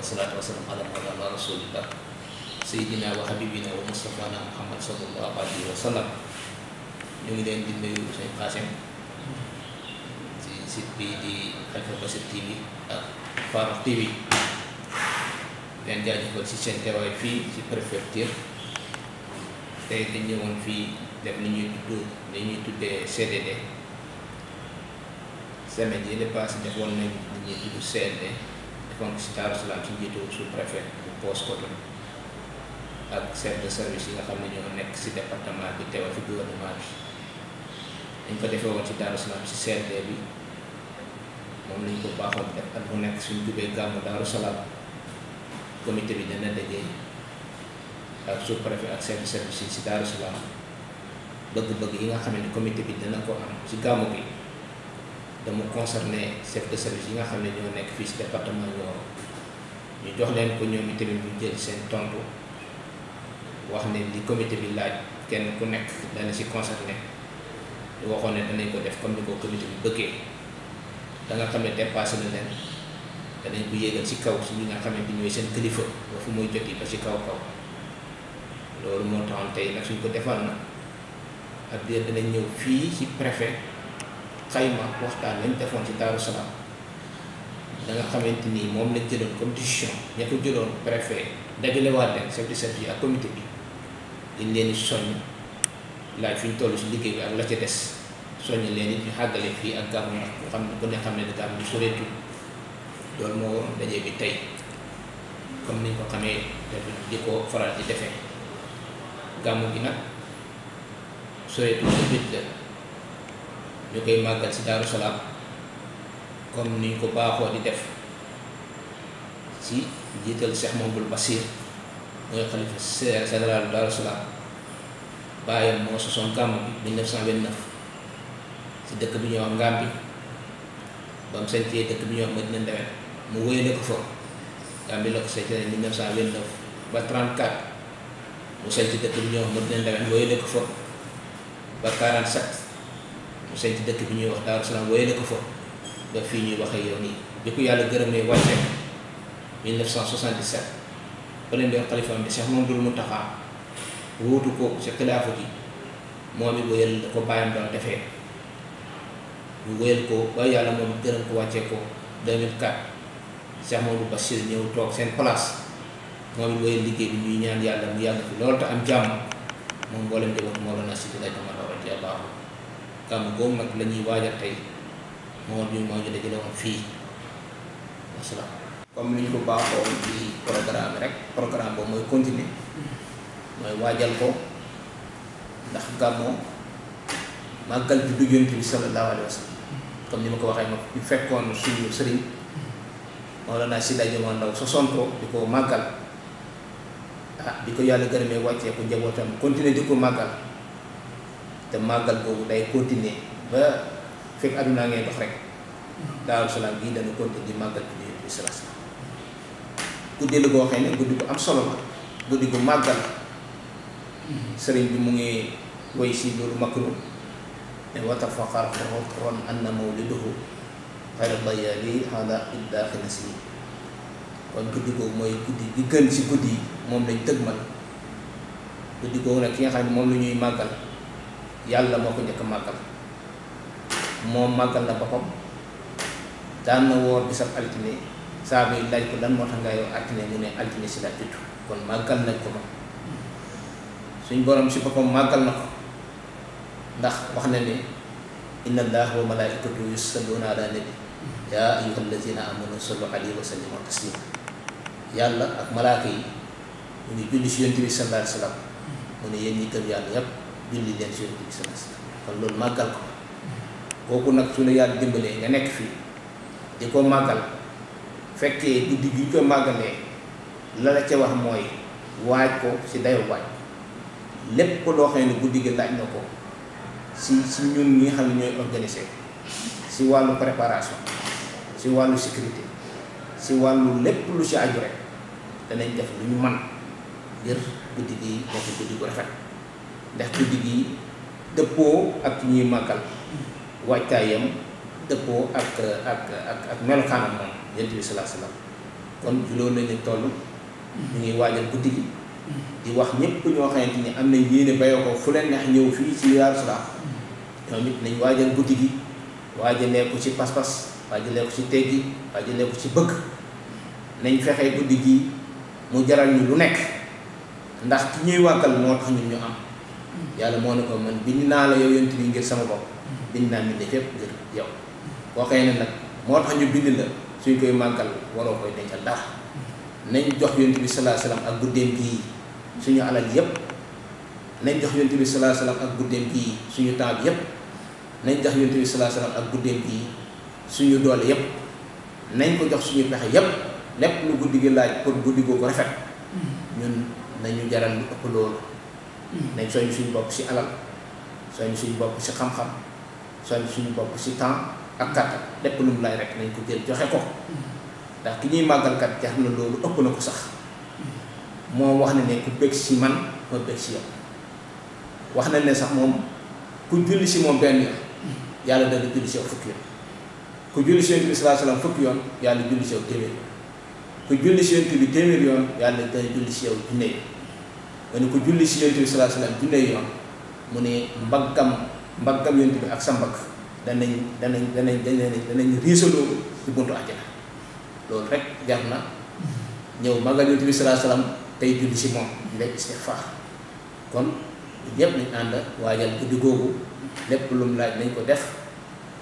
wasalaatu wasalaam ala mawlana ngi leen di nuyu sëñ Xaasim ci site bi di Xalifa Bassir TV ak Farokh fii ci préfecture tey dañ fii def ni ñuy tudd ni ñuy la passé defoon nañ ni ñuy tudd CLD donc si Daaru Salaam si njiitu sous-préfet bu Poos Koton ak chef service yi nga xam ne ñoo nekk si département bi teewal fi gouvernement bi dañ ko defee woon si Daaru Salaam si CRD bi moom lañ ko baaxoon def at mu nekk suñ jubee gàmmu Daaru Salaam comité bi dana dajee ak sous-préfet ak chef service yi si Daaru Salaam bëgg-bëgg yi nga xam ne comité bi dana ko am si gàmmu bi dama concerné chef de service yi nga xamné ñoo nek fii si département Nioro ñu jox leen ko ñoom itamit ñu jël seen tontu wax ne li comité bi laaj kenn ku nekk dana ci concerné ñu waxoon ne danañ ko def comme ni ko comité bi bëggee da nga xamné dépassé na leen danañ ko yéegal ci kaw ci ñi nga xamné ne bi ñooy seen kilifa ba fu moy jotti ba ci kaw kaw loolu moo taxoon tey nag suñ ko defal na ak biir danañ ñëw fii ci préfet xayma waxtaan lañu defoon ci Daaru Salaam da nga xamante ni moom lañ jëloon comme décision ña ko jëloon préfet dajalewaat leen chef de service ak comité bi dañ leen di soññ laaj fi ñu toll si liggéey bi ak la ci des soññ leen it xàggale fii ak gàmmu ak ku xam ne ku ne xam ne gàmmu soreetul loolu moo waroon daje bi tey comme niñ ko xamee dafa di ko faral di defee gàmmu gi nag soreetul sa bit ñu koy màggal si daaru salaam comme ni ko baaxoo di def si jital cheikh mahamadul basir moy ya, khalifa général daaru salaam bàyyam moo sosoon gàmm 1929 ci dekk bi ñuy wax Ngambi bam mu dekk bi ñuy wax Madina Ndewen mu woyé ko fo Ngambi la ko sañtee 1929 ba 34 mu sañti dekk bi ñuy wax Madina Ndewen woyé ko fo ba 47 mu sañ ci dëkk bi ñuy wax Daaru Salaam wooye na ko fa ba fii ñuy waxee yow nii bi ko yàlla gërëmee wàcce 1977 ba leen di wax xalifaam bi Cheikh Mamadou Mountakha wuutu ko ci xilaafa gi moom it wéyal ko bàyyam doon defee bu wéyal ko ba yàlla moom it ko wàccee ko 2004 Cheikh Mamadou Bachir ñëw toog seen place moom it wéyal liggéey bi ñuy ñaan yàlla mu yàgg fi loolu te am jàmm moom mboolem di wax moo doon assisté lay dama la radiyallahu gàmm googu nag lañuy ñuy waajal tey moo ñu moo ñu dajale woon fii wasalaam comme ni ñu ko baaxoo ci programme rek programme boobu mooy continuer mooy waajal ko ndax gàmmoo màggal bi du yonent bi sallallahu alayhi wa sallam comme ni ma ko waxee ma fekkoon suñu sëriñ Mawlana Seydi Hadji Omar Ndao sosoon ko di ko màggal ah di ko yàlla gërëmee wàccee ko njabootam continuer di ko màggal te màggal boobu day continuer ba fekk àdduna ngay dox rek daaru salaam gii dana continuer di màggal bi di di salaam guddi la goo xam ne guddi gu am solo la guddi gu màggal bi mu ngi woy si loolu makru kon guddi googu mooy guddi bi gën si guddi yi moom lañ tëgmal guddi googu nag ki nga xam ne moom la ñuy màggal yàlla moo ko njëkk màggal moom màggal na boppam daan na woor bisab altine saaba yi laaj ko lan moo tax ngay wax altine mu ne altine si la juddu kon màggal nañ ko ma suñ borom si boppam màggal na ko ndax wax na ne inna allaha wa malaikatu yusalluna ala nabi yaa ayyuha allazina amanu sallu alayhi wa sallimu taslima yàlla ak malaaka yi mu ngi julli si yonent bi sallallahu alayhi wa mu ne yéen ñi gëm yàlla yépp julli len sur bi sa kon lool magal ko kooku nak su la dimbele nga nek fi diko magal fekke guddi gi ko magale la la ci wax moy waaj ko ci dayo waaj lepp ko do ne guddi gi laaj nako ko si si ñun ñi xam ñoy organiser si walu préparation si walu sécurité si walu lepp lu ci aju rek danañ def lu ñu man ngir guddi gi ko guddi ko rafet ndax guddi gi dëppoo ak ñuy màggal waajtaayam dëppoo ak ak ak ak melokaanam moom yonent bi salaa salaam kon juloolu nañ lañ toll ñu ngi waajal guddi gi di wax ñëpp ñoo xamante ni am nañ fu ñëw fii ci Daaru it nañ waajal guddi gi waajalee ko ci pas-pas waajalee ko ci teggi waajalee ko ci bëgg nañ fexe guddi gi mu jaral ñu lu nekk ndax ki ñuy wàggal moo tax ñun ñu am yalla mo ne ko man bind na la yow yonti ngir sama bok bind na ni fépp ngir yow boo xëy ne nag moo tax ñu bind la suñ koy màggal waro koy dencal da nañ jox yonti bi alayhi wasallam ak guddem bi suñu alal yeb nañ jox yonti bi alayhi wasallam ak guddem bi suñu taab yeb nañ jox yonti bi alayhi wasallam ak guddem bi suñu doole yeb nañ ko jox suñu pexe yeb lepp lu guddi laaj pour guddigo ko rafet hmm. ñun nañu jaral lu ëpp Mm-hmm. nañ soññ suñu bopp si alal soññ suñu bopp si xam-xam soññ suñu bopp si temps ak kàttan lépp lu mu lay rek nañ ko jël joxe ko mm-hmm. ndax ki ñuy màggalkat jar na loolu ëpp na ko sax mm-hmm. moo wax na ne ku bëgg si man ma bëgg si yow wax na ne sax moom ku julli si moom benn yoon yàlla dana julli si yow fukki yoon ku julli si yonent bi salaa fukki yoon yàlla julli si yow téeméer ku julli si yonent bi téeméer yoon yàlla dana julli si yow junne dañ ko julli ci yentou sallallahu alayhi wasallam jullee yoon ya. mune ne mbaggam yentou bi ak sa dañ danañ dañ danañ dañ danañ risolo ci buntu aljana loolu rek jarna ñew magal yentou bi alayhi wasallam tay julli ci mom lépp istighfar kon yeb ni anda wajal guddi googu lepp lu mu laaj nañ ko def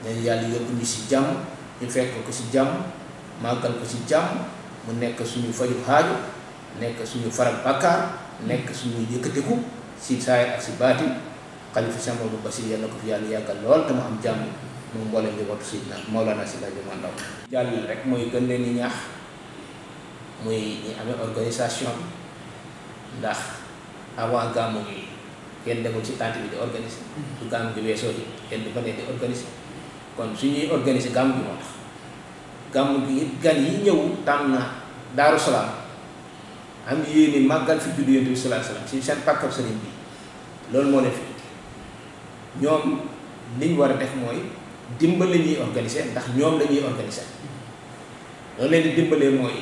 dañ yalla yobbu ñu ci jamm ñu fekk ko ci jamm magal ko ci jamm mu nekk suñu faju haaju nek suñu faral bàkkaar nek suñu yëkkateku si saay ak si baati khalifa sama bu Basir yàlla ko fi yalla yàggal lol te mu am jàmm mu mboolem di wattu sidna maulana si laaj ma ndaw jall rek moy gën leen ñaax moy ñi amé organisation ndax awa gamu gi kenn demul ci tante bi di organiser du gamu di wéso ji kenn du bané di organiser kon suñu organiser gamu gi mo tax gamu gi gan yi ñëw tànn daru salam am yene magal fi julli yentou sallallahu alayhi wasallam ci sen pàkkab sëriñ bi lol mo ne fi ñom niñ war def moy dimbal la organiser ndax ñom lañuy organiser do leen di dimbalé moy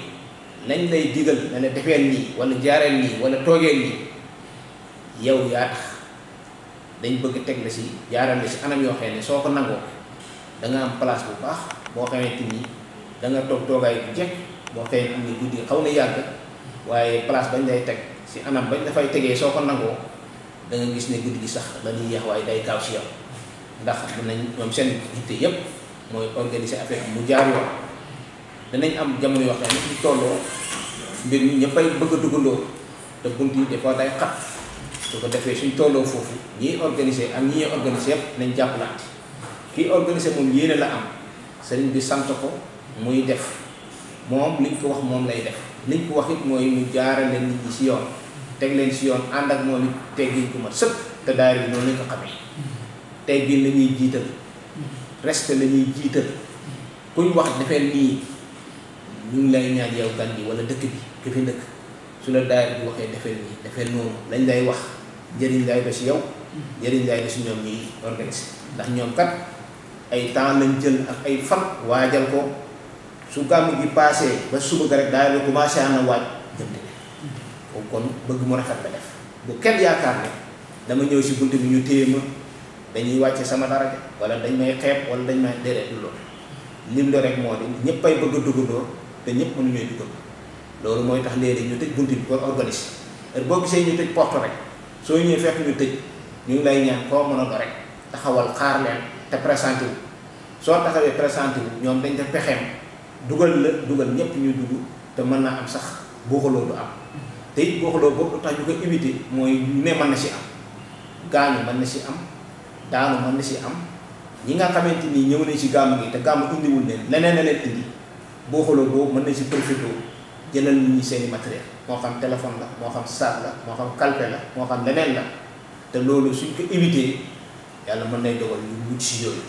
lañ lay digal na ne defel ni wala jaarel ni wala togel ni yow ya tax dañ bëgg tek la ci jaaral la ci anam yo xéne soko nango da nga am place bu baax boo xamante ni da nga tok togay jek bo boo am ni guddi xawna yagg waye place bañ day tek si anam bañ da fay tege soko nango da nga gis ne guddi gi sax dañuy yah waaye day gaaw ci yow ndax danañ mom sen yitte yépp moy organiser affaire mu jaar yoon danañ am jamono yo xamni ci tolo mbir ñu ñëppay bëgg dugundo te bunt yi des fois day xat su ko defé suñ tolo fofu ñi organiser am ñi organiser yépp nañ jàppalaat ki organiser mom yéene la am sëriñ bi sant ko muy def mom liñ ko wax mom lay def liñ ko wax mooy mu jaarale nit ñi si yoon teg leen si yoon ànd ak moo it teggiñ ko mat sëpp te daayira bi noonu lañ ko xamee teggin la jiital respect lañuy jiital kuñ wax defee nii ñu ngi lay ñaan yow gan bi wala dëkk bi ki fi dëkk su la daayira bi waxee defee nii defee noonu lañ lay wax njëriñ lay ba si yow njëriñ lay ba si ñoom ñuy organiser ndax ñoom kat ay temps lañ jël ak ay fan waajal ko sukamu gi passé eh, ba suba ga rek daal commencé eh, ana waaj jënd ko kon bëgg mu rafet ba def bu kenn yaakaar ne dama ñëw si buntu bi ñu téema dañuy wacce sama dara wala dañ may xép wala dañ may déré du lo lim do rek modi ñeppay bëgg dugg do dugandoo te ñëpp mënu ñooy dugg loolu moy tax léré ñu tej buntu bi pour organiser er bo gisé ñu tej porte rek so ñu fekk ñu tej ñu lay ñaan ko mëna do ko rek taxawal xaar leen te présenté so taxawé présenté ñom dañ def pexem dugal la dugal ñëpp ñu dugg te mën naa am sax booxaloo du am te it booxaloo boobu tax ñu koy éviter mooy ñu ne mën na si am gaañu mën na si am daanu mën na si am ñi nga xamante ni ñëw nañ si gàmm gi te gàmm indiwul leen leneen na leen indi booxaloo boobu mën nañ si profité jëlal nit seen matériel moo xam téléphone la moo xam saag la moo xam kalpe la moo xam leneen la te loolu suñ ko éviter yàlla mën nay dogal ñu mucc si yooyu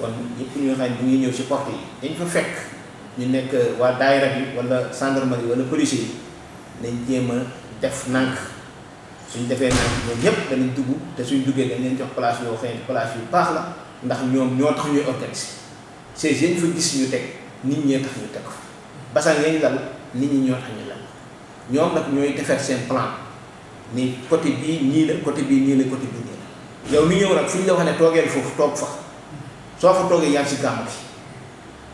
kon ñëpp ñoo xam ne ñu ngi ñëw si porte yi dañ fa fekk ñu nekk waa daayira bi wala gendarmerie wala police yi nañ jéem a def nànk suñ defee nànk ñoom ñëpp danañ dugg te suñ duggee dañ leen jox place yoo xëy place yu baax la ndax ñoom ñoo tax ñuy organiser siège yañ fa gis ñu teg nit ñee tax teg ko basan yañ lal nit ñi ñoo tax ñu nag ñooy defar seen plan ni côté bii nii la côté bii nii la côté bii nii la yow mi ñëw nag fu ñu la wax ne toogeel foofu toog fa soo fa toogee yaa ngi si gàmm bi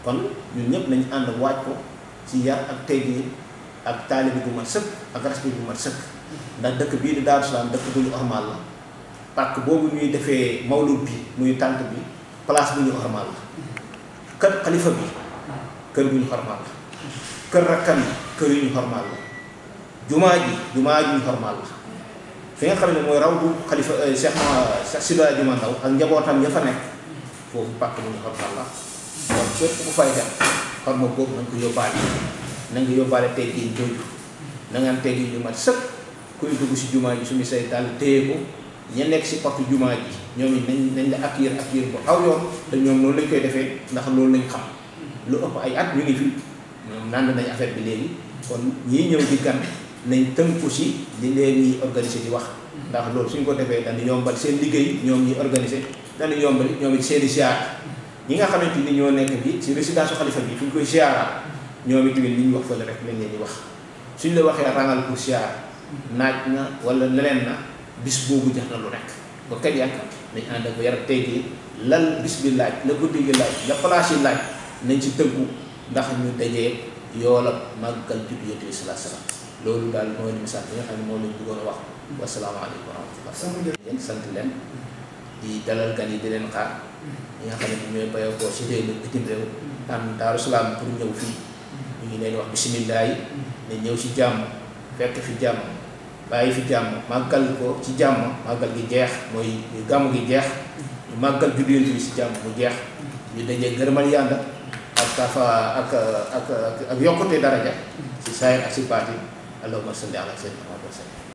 kon ñun ñep nañ and waaj ko ci yar ak teggin ak talib bu ma sekk ak respect bu ma sekk ndax dëkk bi di Daaru salam dëkk bu ñu ormal la pàkk bobu ñuy defee mawlud bi muy tànt bi place bu ñu ormal la kër khalifa bi kër bu ñu ormal la kër rakam yi kër yu ñu ormal la jumaa ji jumaa ji ñu ormal la fi nga xamne moy mooy raw bu xalifa eh, Cheikh Sida ma Ndaw ak njabotam ya fa nek fofu pàkk bu ñu ormal la kon képp ku fay dem xar ma boobu nañ ko yóbbaale na nga yóbbaale teggin jooju na nga am teggin ju mat sëkk kuy dugg si jumaa ji su mi say dàll téye ko ña nekk si porte jumaa ji ñoom it nañ nañ la accueillir accueillir bu aw yoon te ñoom lañ koy defee ndax loolu lañ xam lu ëpp ay at ñu ngi fi ñoom naan nañ affaire bi léegi kon ñii ñëw di gan nañ tënku si li leen ñuy organiser di wax ndax loolu suñ ko defee dañu yombal seen liggéey ñoom ñuy organiser dañu yombal ñoom it seen i siyaar ñi ya nga xamanteni ñoo nekk bi ci résidence khalifa bi fuñ koy ziara ñoom itamit li ñu wax fa la rek lañ leen di wax suñ la waxe rangal ko ziar naaj na wala leneen na bis bobu jax na lu rek ba kat yàgg ni ànd ak yar tey gi lal bis la ko gi laaj la place yi laaj nañ ci teggu ndax ñu dajé yoolab magal ci yëtu salaa salaam loolu daal mooy li misaal bi nga xam mo moom bu bëggoon wax wa salaamu alaykum wa rahmatullah sant leen di dalal gan di leen xaar ñi nga xam ne ñooy bàyyeekoo si réew mi bitim réew am daaru pour ñëw fii ñu ngi leen wax bisimilah yi ne ñëw si jàmm fekk fi jàmm bàyyi fi jàmm màggal ko ci jàmm màggal gi jeex mooy gàmm gi jeex ñu màggal juddu Yonent bi si jàmm mu jeex dañ dajee gërëmal yàlla ak tafa ak ak ak yokkute daraja si saayir ak si baati allahumma salli ala sayyidina Muhammad